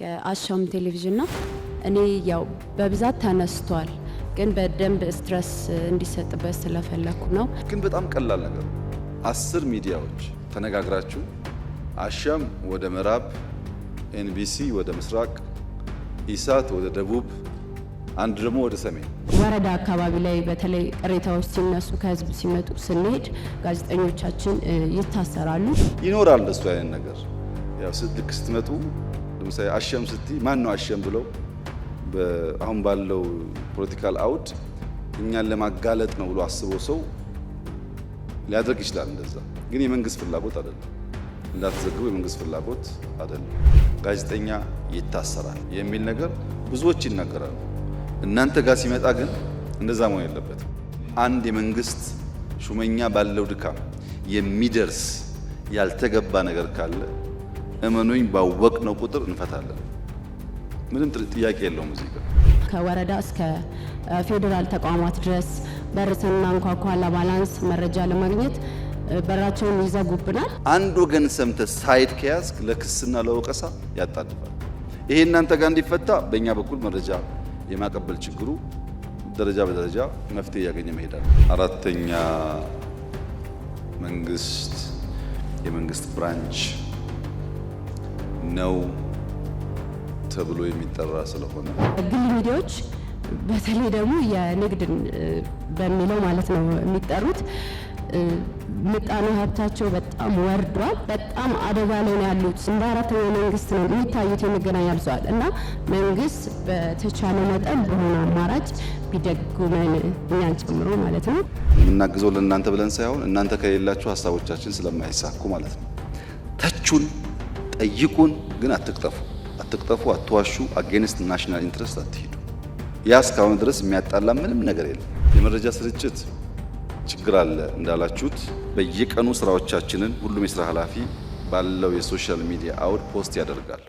ከአሻም ቴሌቪዥን ነው። እኔ ያው በብዛት ተነስቷል፣ ግን በደንብ ስትረስ እንዲሰጥበት ስለፈለኩ ነው። ግን በጣም ቀላል ነገር አስር ሚዲያዎች ተነጋግራችሁ አሻም ወደ ምዕራብ፣ ኤንቢሲ ወደ ምስራቅ፣ ኢሳት ወደ ደቡብ፣ አንድ ደግሞ ወደ ሰሜን ወረዳ አካባቢ ላይ በተለይ ቅሬታዎች ሲነሱ ከህዝብ ሲመጡ ስንሄድ ጋዜጠኞቻችን ይታሰራሉ። ይኖራል እሱ አይነት ነገር ያው ልክ ስትመጡ ለምሳሌ አሸም ስቲ ማን ነው አሸም ብለው አሁን ባለው ፖለቲካል አውድ እኛን ለማጋለጥ ነው ብሎ አስቦ ሰው ሊያደርግ ይችላል። እንደዛ ግን የመንግስት ፍላጎት አይደለም፣ እንዳትዘግቡ የመንግስት ፍላጎት አይደለም። ጋዜጠኛ ይታሰራል የሚል ነገር ብዙዎች ይናገራሉ። እናንተ ጋር ሲመጣ ግን እንደዛ መሆን የለበትም። አንድ የመንግስት ሹመኛ ባለው ድካም የሚደርስ ያልተገባ ነገር ካለ እመኑኝ ባወቅነው ቁጥር እንፈታለን። ምንም ጥያቄ የለውም። እዚህ ጋር ከወረዳ እስከ ፌዴራል ተቋማት ድረስ በር ስናንኳኳ ለባላንስ መረጃ ለማግኘት በራቸውን ይዘጉብናል። አንድ ወገን ሰምተ ሳይድ ከያዝክ ለክስና ለወቀሳ ያጣድፋል። ይሄ እናንተ ጋር እንዲፈታ በእኛ በኩል መረጃ የማቀበል ችግሩ ደረጃ በደረጃ መፍትሄ እያገኘ መሄዳል። አራተኛ መንግስት የመንግስት ብራንች ነው ተብሎ የሚጠራ ስለሆነ ግል ሚዲያዎች በተለይ ደግሞ የንግድ በሚለው ማለት ነው የሚጠሩት ምጣኔ ሀብታቸው በጣም ወርዷል። በጣም አደጋ ላይ ነው ያሉት። እንደ አራተኛ መንግስት ነው የሚታዩት የመገናኛ ብዙኃን እና መንግስት በተቻለ መጠን በሆነ አማራጭ ቢደጉመን እኛን ጨምሮ ማለት ነው። የምናግዘው ለእናንተ ብለን ሳይሆን እናንተ ከሌላችሁ ሀሳቦቻችን ስለማይሳኩ ማለት ነው። ተቹን ጠይቁን፣ ግን አትቅጠፉ፣ አትቅጠፉ፣ አትዋሹ፣ አጌንስት ናሽናል ኢንትረስት አትሂዱ። ያ እስካሁን ድረስ የሚያጣላ ምንም ነገር የለም። የመረጃ ስርጭት ችግር አለ እንዳላችሁት፣ በየቀኑ ስራዎቻችንን ሁሉም የስራ ኃላፊ ባለው የሶሻል ሚዲያ አውድ ፖስት ያደርጋል።